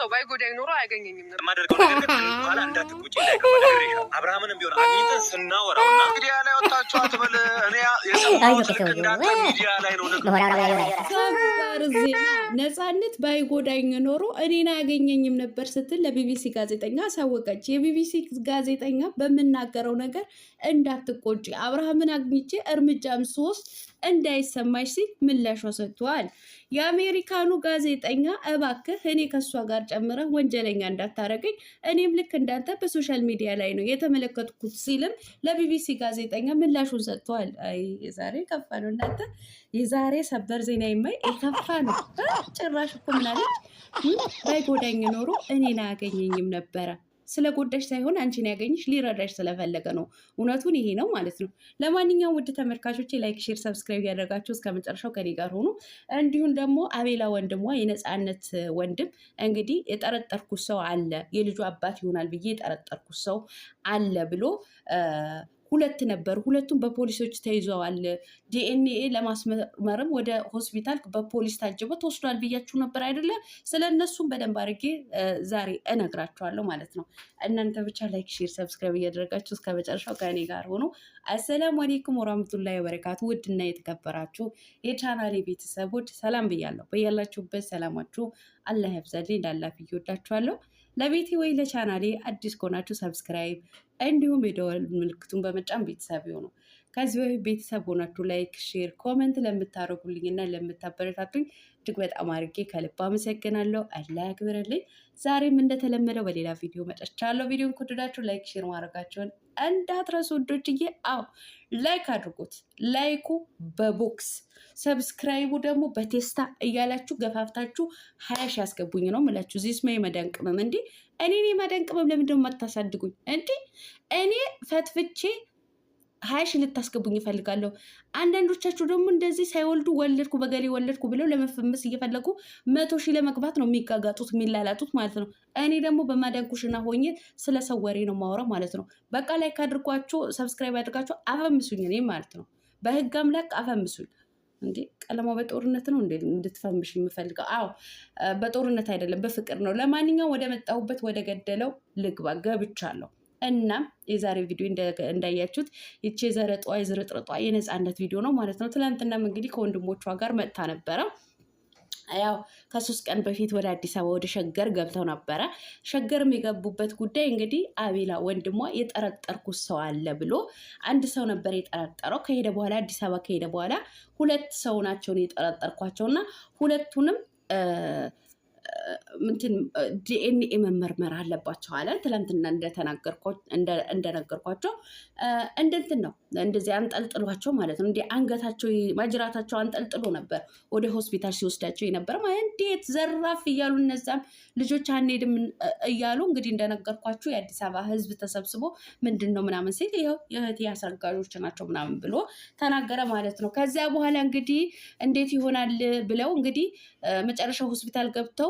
ሰው ባይጎዳኝ ኖሮ አያገኘኝም ነበር። ነገር በኋላ አብርሃምንም ቢሆን አግኝተን ስናወራው እና ሚዲያ ላይ ወጣችሁ አትበል። እኔ ነፃነት ባይጎዳኝ ኖሮ እኔን አያገኘኝም ነበር ስትል ለቢቢሲ ጋዜጠኛ አሳወቀች። የቢቢሲ ጋዜጠኛ በምናገረው ነገር እንዳትቆጪ አብርሃምን አግኝቼ እርምጃም ሶስት እንዳይሰማሽ ሲል ምላሿ ሰጥቷል። የአሜሪካኑ ጋዜጠኛ እባክህ እኔ ከእሷ ጋር ጨምረህ ወንጀለኛ እንዳታረገኝ እኔም ልክ እንዳንተ በሶሻል ሚዲያ ላይ ነው የተመለከትኩት ሲልም ለቢቢሲ ጋዜጠኛ ምላሹን ሰጥቷል። የዛሬ ከፋ ነው እናንተ፣ የዛሬ ሰበር ዜና ይማይ የከፋ ነው። ጭራሽ እኮ ምናለች ባይጎዳኝ ኖሮ እኔን አያገኘኝም ነበረ ስለጎዳሽ ሳይሆን አንቺን ያገኝሽ ሊረዳሽ ስለፈለገ ነው። እውነቱን ይሄ ነው ማለት ነው። ለማንኛውም ውድ ተመልካቾች ላይክ፣ ሼር፣ ሰብስክራይብ ያደርጋችሁ እስከ መጨረሻው ከኔ ጋር ሆኑ። እንዲሁም ደግሞ አቤላ ወንድሟ የነፃነት ወንድም እንግዲህ የጠረጠርኩት ሰው አለ የልጁ አባት ይሆናል ብዬ የጠረጠርኩት ሰው አለ ብሎ ሁለት ነበር። ሁለቱም በፖሊሶች ተይዘዋል። ዲኤንኤ ለማስመርመርም ወደ ሆስፒታል በፖሊስ ታጅበ ተወስዷል ብያችሁ ነበር አይደለ? ስለ እነሱም በደንብ አድርጌ ዛሬ እነግራችኋለሁ ማለት ነው። እናንተ ብቻ ላይክ፣ ሼር፣ ሰብስክራይብ እያደረጋችሁ እስከ መጨረሻው ከእኔ ጋር ሆኖ አሰላሙ አሌይኩም ወራህመቱላሂ ወበረካቱ። ውድና የተከበራችሁ የቻናሌ ቤተሰቦች ሰላም ብያለሁ። በያላችሁበት ሰላማችሁ አላህ ያብዛልኝ። ላላፍ ይወዳችኋለሁ። ለቤቴ ወይ ለቻናሌ አዲስ ከሆናችሁ ሰብስክራይብ እንዲሁም የደወል ምልክቱን በመጫን ቤተሰብ ይሁኑ። ከዚህ ወይ ቤተሰብ ሆናችሁ ላይክ፣ ሼር፣ ኮመንት ለምታደርጉልኝ እና ለምታበረታቱኝ እጅግ በጣም አድርጌ ከልብ አመሰግናለሁ። አላህ ያክብርልኝ። ዛሬም እንደተለመደው በሌላ ቪዲዮ መጥቻለሁ። ቪዲዮን ከወደዳችሁ ላይክ፣ ሼር ማድረጋችሁን እንዳትረሱ ውዶችዬ። አዎ ላይክ አድርጉት፣ ላይኩ በቦክስ ሰብስክራይቡ ደግሞ በቴስታ እያላችሁ ገፋፍታችሁ ሀያ ያስገቡኝ ነው ምላችሁ። እዚህ ስማ የመዳን ቅመም እንዲህ እኔ የመዳን ቅመም ለምንድነው የማታሳድጉኝ? እንዲህ እኔ ፈትፍቼ ሀያ ሺህ ልታስገቡኝ ይፈልጋለሁ። አንዳንዶቻችሁ ደግሞ እንደዚህ ሳይወልዱ ወለድኩ በገሌ ወለድኩ ብለው ለመፈመስ እየፈለጉ መቶ ሺህ ለመግባት ነው የሚጋጋጡት የሚላላጡት ማለት ነው። እኔ ደግሞ በማዳንኩሽና ሆኜ ስለ ሰው ወሬ ነው ማውራ ማለት ነው። በቃ ላይ ካድርጓቸው ሰብስክራይብ አድርጋችሁ አፈምሱኝ እኔ ማለት ነው። በህግ አምላክ አፈምሱኝ። እንዴ ቀለማ በጦርነት ነው እንዴ እንድትፈምሽ የምፈልገው? አዎ በጦርነት አይደለም በፍቅር ነው። ለማንኛውም ወደ መጣሁበት ወደ ገደለው ልግባ ገብቻለሁ። እናም የዛሬ ቪዲዮ እንዳያችሁት ይቺ የዘረጧ የዝርጥርጧ የነፃነት ቪዲዮ ነው ማለት ነው። ትናንትናም እንግዲህ ከወንድሞቿ ጋር መጥታ ነበረ። ያው ከሶስት ቀን በፊት ወደ አዲስ አበባ ወደ ሸገር ገብተው ነበረ። ሸገር የሚገቡበት ጉዳይ እንግዲህ አቤላ ወንድሟ የጠረጠርኩ ሰው አለ ብሎ አንድ ሰው ነበር የጠረጠረው። ከሄደ በኋላ አዲስ አበባ ከሄደ በኋላ ሁለት ሰው ናቸውን የጠረጠርኳቸውና ሁለቱንም ምንትን ዲኤንኤ መመርመር አለባቸው አለ። ትላንትና እንደነገርኳቸው እንደንትን ነው እንደዚህ አንጠልጥሏቸው ማለት ነው። እንዲ አንገታቸው ማጅራታቸው አንጠልጥሎ ነበር ወደ ሆስፒታል ሲወስዳቸው የነበረ እንዴት ዘራፍ እያሉ እነዛም ልጆች አንሄድም እያሉ እንግዲህ እንደነገርኳቸው የአዲስ አበባ ሕዝብ ተሰብስቦ ምንድን ነው ምናምን ሲል ይኸው የእህቴ አሰርጋዦች ናቸው ምናምን ብሎ ተናገረ ማለት ነው። ከዚያ በኋላ እንግዲህ እንዴት ይሆናል ብለው እንግዲህ መጨረሻ ሆስፒታል ገብተው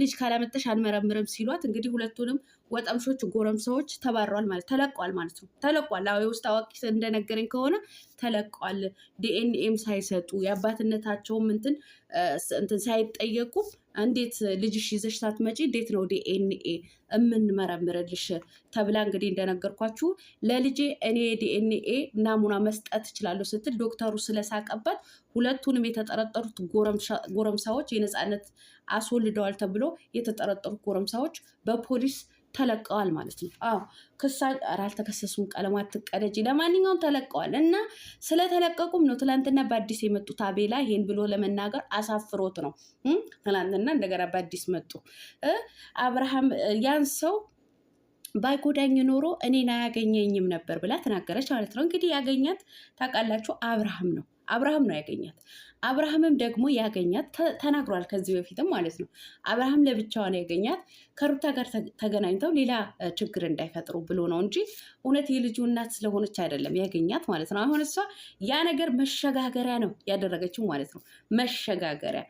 ልጅ ካላመጠሽ አልመረምርም ሲሏት እንግዲህ ሁለቱንም ወጠምሾች ጎረምሳዎች ተባረዋል ማለት ተለቋል ማለት ነው። ተለቋል የውስጥ አዋቂ እንደነገረኝ ከሆነ ተለቋል። ዲኤንኤም ሳይሰጡ የአባትነታቸውም እንትን እንትን ሳይጠየቁ እንዴት ልጅሽ ይዘሽ ሳትመጪ እንዴት ነው ዲኤንኤ የምንመረምርልሽ? ተብላ እንግዲህ እንደነገርኳችሁ ለልጄ እኔ ዲኤንኤ ናሙና መስጠት እችላለሁ ስትል ዶክተሩ ስለሳቀባት ሁለቱንም የተጠረጠሩት ጎረምሳዎች የነፃነት አስ አስወልደዋል ተብሎ የተጠረጠሩ ጎረምሳዎች በፖሊስ ተለቀዋል ማለት ነው። አዎ ክሳ አልተከሰሱም። ቀለማት ትቀደጂ ለማንኛውም ተለቀዋል እና ስለተለቀቁም ነው ትላንትና በአዲስ የመጡት አቤላ ይሄን ብሎ ለመናገር አሳፍሮት ነው። ትላንትና እንደገና በአዲስ መጡ። አብርሃም ያን ሰው ባይጎዳኝ ኖሮ እኔን አያገኘኝም ነበር ብላ ተናገረች ማለት ነው። እንግዲህ ያገኛት ታውቃላችሁ፣ አብርሃም ነው አብርሃም ነው ያገኛት አብርሃምም ደግሞ ያገኛት ተናግሯል። ከዚህ በፊትም ማለት ነው አብርሃም ለብቻዋን ያገኛት ከሩታ ጋር ተገናኝተው ሌላ ችግር እንዳይፈጥሩ ብሎ ነው እንጂ እውነት የልጁ እናት ስለሆነች አይደለም ያገኛት ማለት ነው። አሁን እሷ ያ ነገር መሸጋገሪያ ነው ያደረገችው ማለት ነው። መሸጋገሪያ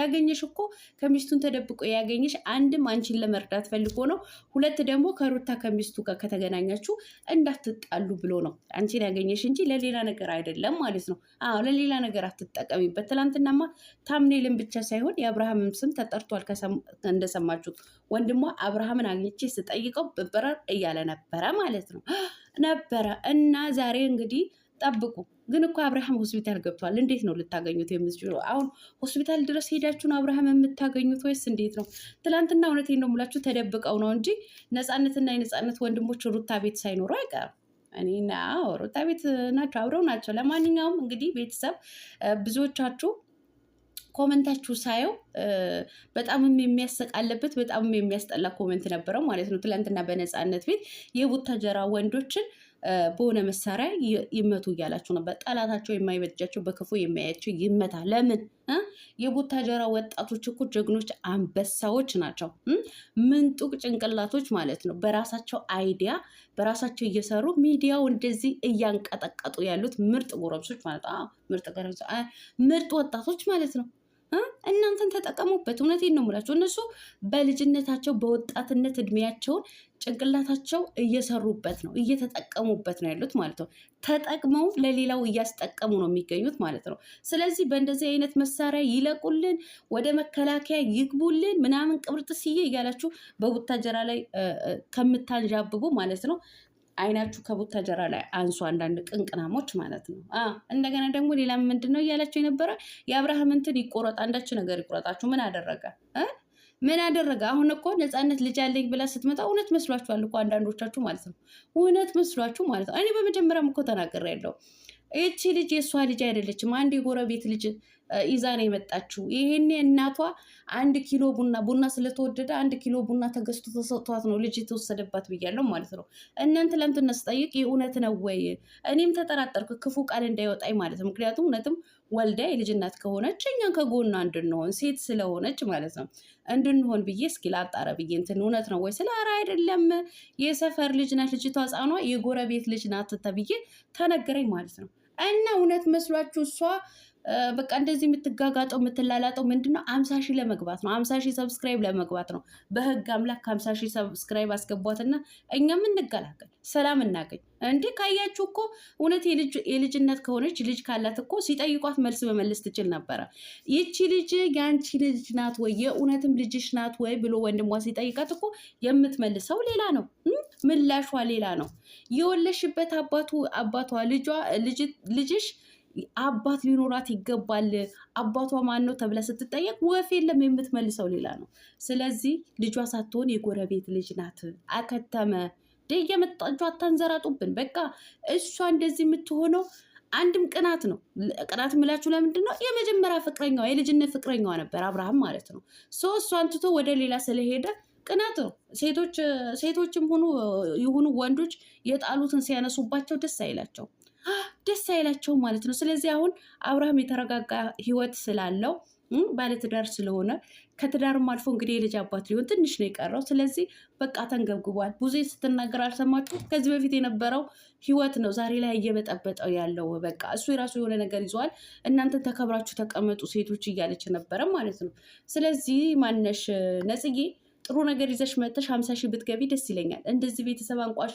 ያገኘሽ እኮ ከሚስቱን ተደብቆ ያገኘሽ አንድም አንቺን ለመርዳት ፈልጎ ነው፣ ሁለት ደግሞ ከሩታ ከሚስቱ ጋር ከተገናኛችሁ እንዳትጣሉ ብሎ ነው አንቺን ያገኘሽ እንጂ ለሌላ ነገር አይደለም ማለት ነው። ለሌላ ነገር አትጠቀሚበት። ትላንትናማ ታምኔልን ብቻ ሳይሆን የአብርሃምም ስም ተጠርቷል። እንደሰማችሁት ወንድሟ አብርሃምን አግኝቼ ስጠይቀው በበረር እያለ ነበረ ማለት ነው ነበረ እና ዛሬ እንግዲህ ጠብቁ ግን እኮ አብርሃም ሆስፒታል ገብቷል። እንዴት ነው ልታገኙት የምትችሉ? አሁን ሆስፒታል ድረስ ሄዳችሁን አብርሃም የምታገኙት ወይስ እንዴት ነው? ትላንትና እውነቴን ነው የምላችሁ ተደብቀው ነው እንጂ ነፃነትና የነፃነት ወንድሞች ሩታ ቤት ሳይኖሩ አይቀርም። እኔና ሩታ ቤት ናቸው፣ አብረው ናቸው። ለማንኛውም እንግዲህ ቤተሰብ ብዙዎቻችሁ ኮመንታችሁ ሳየው በጣም የሚያሰቃለበት በጣምም በጣም የሚያስጠላ ኮመንት ነበረው ማለት ነው። ትላንትና በነፃነት ቤት የቡታጀራ ወንዶችን በሆነ መሳሪያ ይመቱ እያላችሁ ነበር። ጠላታቸው የማይበጃቸው በክፉ የሚያያቸው ይመታ። ለምን የቡታጀራ ወጣቶች እኮ ጀግኖች አንበሳዎች ናቸው። ምንጡቅ ጭንቅላቶች ማለት ነው። በራሳቸው አይዲያ በራሳቸው እየሰሩ ሚዲያው እንደዚህ እያንቀጠቀጡ ያሉት ምርጥ ጎረምሶች ማለት ምርጥ ወጣቶች ማለት ነው። እናንተን ተጠቀሙበት። እውነቴን ነው የምላቸው። እነሱ በልጅነታቸው በወጣትነት እድሜያቸውን ጭንቅላታቸው እየሰሩበት ነው እየተጠቀሙበት ነው ያሉት ማለት ነው። ተጠቅመው ለሌላው እያስጠቀሙ ነው የሚገኙት ማለት ነው። ስለዚህ በእንደዚህ አይነት መሳሪያ ይለቁልን፣ ወደ መከላከያ ይግቡልን፣ ምናምን ቅብርጥ ስዬ እያላችሁ በቡታጀራ ላይ ከምታንዣብቡ ማለት ነው አይናችሁ ከቡታጀራ ላይ አንሱ። አንዳንድ ቅንቅናሞች ማለት ነው። እንደገና ደግሞ ሌላ ምንድን ነው እያላቸው የነበረ የአብርሃም እንትን ይቆረጥ፣ አንዳች ነገር ይቆረጣችሁ። ምን አደረገ? ምን አደረገ? አሁን እኮ ነፃነት ልጅ አለኝ ብላ ስትመጣ እውነት መስሏችኋል እኮ አንዳንዶቻችሁ ማለት ነው። እውነት መስሏችሁ ማለት ነው። እኔ በመጀመሪያም እኮ ተናገር ያለው ይቺ ልጅ የእሷ ልጅ አይደለችም። አንድ የጎረቤት ልጅ ይዛ ነው የመጣችው። ይሄኔ እናቷ አንድ ኪሎ ቡና ቡና ስለተወደደ አንድ ኪሎ ቡና ተገዝቶ ተሰጥቷት ነው ልጅ የተወሰደባት ብያለው ማለት ነው። እናንተ ለምትና ስጠይቅ የእውነት ነው ወይ እኔም ተጠራጠርኩ፣ ክፉ ቃል እንዳይወጣኝ ማለት ነው። ምክንያቱም እውነትም ወልዳ የልጅ እናት ከሆነች እኛን ከጎኗ እንድንሆን ሴት ስለሆነች ማለት ነው እንድንሆን ብዬ እስኪ ላጣረ ብዬ እንትን እውነት ነው ወይ ስለ አራ አይደለም የሰፈር ልጅ ናት ልጅቷ፣ ሕፃኗ የጎረቤት ልጅ ናት ተብዬ ተነገረኝ ማለት ነው። እና እውነት መስሏችሁ እሷ በቃ እንደዚህ የምትጋጋጠው የምትላላጠው ምንድነው ነው? አምሳ ሺህ ለመግባት ነው። አምሳ ሺህ ሰብስክራይብ ለመግባት ነው። በህግ አምላክ ከአምሳ ሺህ ሰብስክራይብ አስገቧትና እኛም እንገላገል፣ ሰላም እናገኝ። እንዴ ካያችሁ እኮ እውነት የልጅነት ከሆነች ልጅ ካላት እኮ ሲጠይቋት መልስ መመለስ ትችል ነበረ። ይቺ ልጅ የአንቺ ልጅ ናት ወይ የእውነትም ልጅሽ ናት ወይ ብሎ ወንድሟ ሲጠይቃት እኮ የምትመልሰው ሌላ ነው። ምላሿ ሌላ ነው። የወለሽበት አባቱ አባቷ ልጅሽ አባት ሊኖራት ይገባል። አባቷ ማን ነው ተብለ ስትጠየቅ ወፍ የለም የምትመልሰው ሌላ ነው። ስለዚህ ልጇ ሳትሆን የጎረቤት ልጅ ናት። አከተመ የመጣችሁ አታንዘራጡብን። በቃ እሷ እንደዚህ የምትሆነው አንድም ቅናት ነው። ቅናት የምላችሁ ለምንድን ነው? የመጀመሪያ ፍቅረኛዋ የልጅነት ፍቅረኛዋ ነበር አብርሃም ማለት ነው። ሰው እሷን ትቶ ወደ ሌላ ስለሄደ ቅናት ነው። ሴቶች ሴቶችም ሆኑ የሆኑ ወንዶች የጣሉትን ሲያነሱባቸው ደስ አይላቸው ደስ አይላቸው ማለት ነው። ስለዚህ አሁን አብርሃም የተረጋጋ ህይወት ስላለው ባለትዳር ስለሆነ ከትዳርም አልፎ እንግዲህ የልጅ አባት ሊሆን ትንሽ ነው የቀረው። ስለዚህ በቃ ተንገብግቧል። ብዙ ስትናገር አልሰማችሁ። ከዚህ በፊት የነበረው ህይወት ነው ዛሬ ላይ እየበጠበጠው ያለው። በቃ እሱ የራሱ የሆነ ነገር ይዘዋል። እናንተን ተከብራችሁ ተቀመጡ ሴቶች እያለች ነበረ ማለት ነው። ስለዚህ ማነሽ ነጽዬ ጥሩ ነገር ይዘሽ መጥተሽ ሀምሳ ሺህ ብትገቢ ደስ ይለኛል። እንደዚህ ቤተሰብ አንቋሾ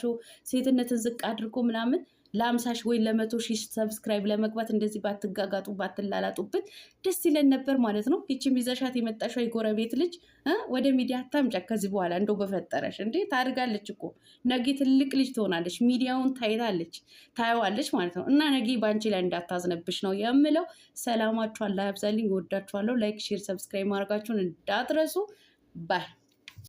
ሴትነትን ዝቅ አድርጎ ምናምን ለአምሳ ሺህ ወይም ለመቶ ሺህ ሰብስክራይብ ለመግባት እንደዚህ ባትጋጋጡ ባትላላጡብን ደስ ይለን ነበር ማለት ነው። ይችም ይዘሻት የመጣሽ የጎረቤት ልጅ ወደ ሚዲያ አታምጫ ከዚህ በኋላ እንደው በፈጠረሽ እንዴ። ታድጋለች እኮ ነጌ ትልቅ ልጅ ትሆናለች። ሚዲያውን ታይታለች ታየዋለች ማለት ነው። እና ነጌ በአንቺ ላይ እንዳታዝነብሽ ነው የምለው። ሰላማችኋን ላያብዛልኝ። ወዳችኋለሁ። ላይክ፣ ሼር፣ ሰብስክራይብ ማድረጋችሁን እንዳትረሱ ባይ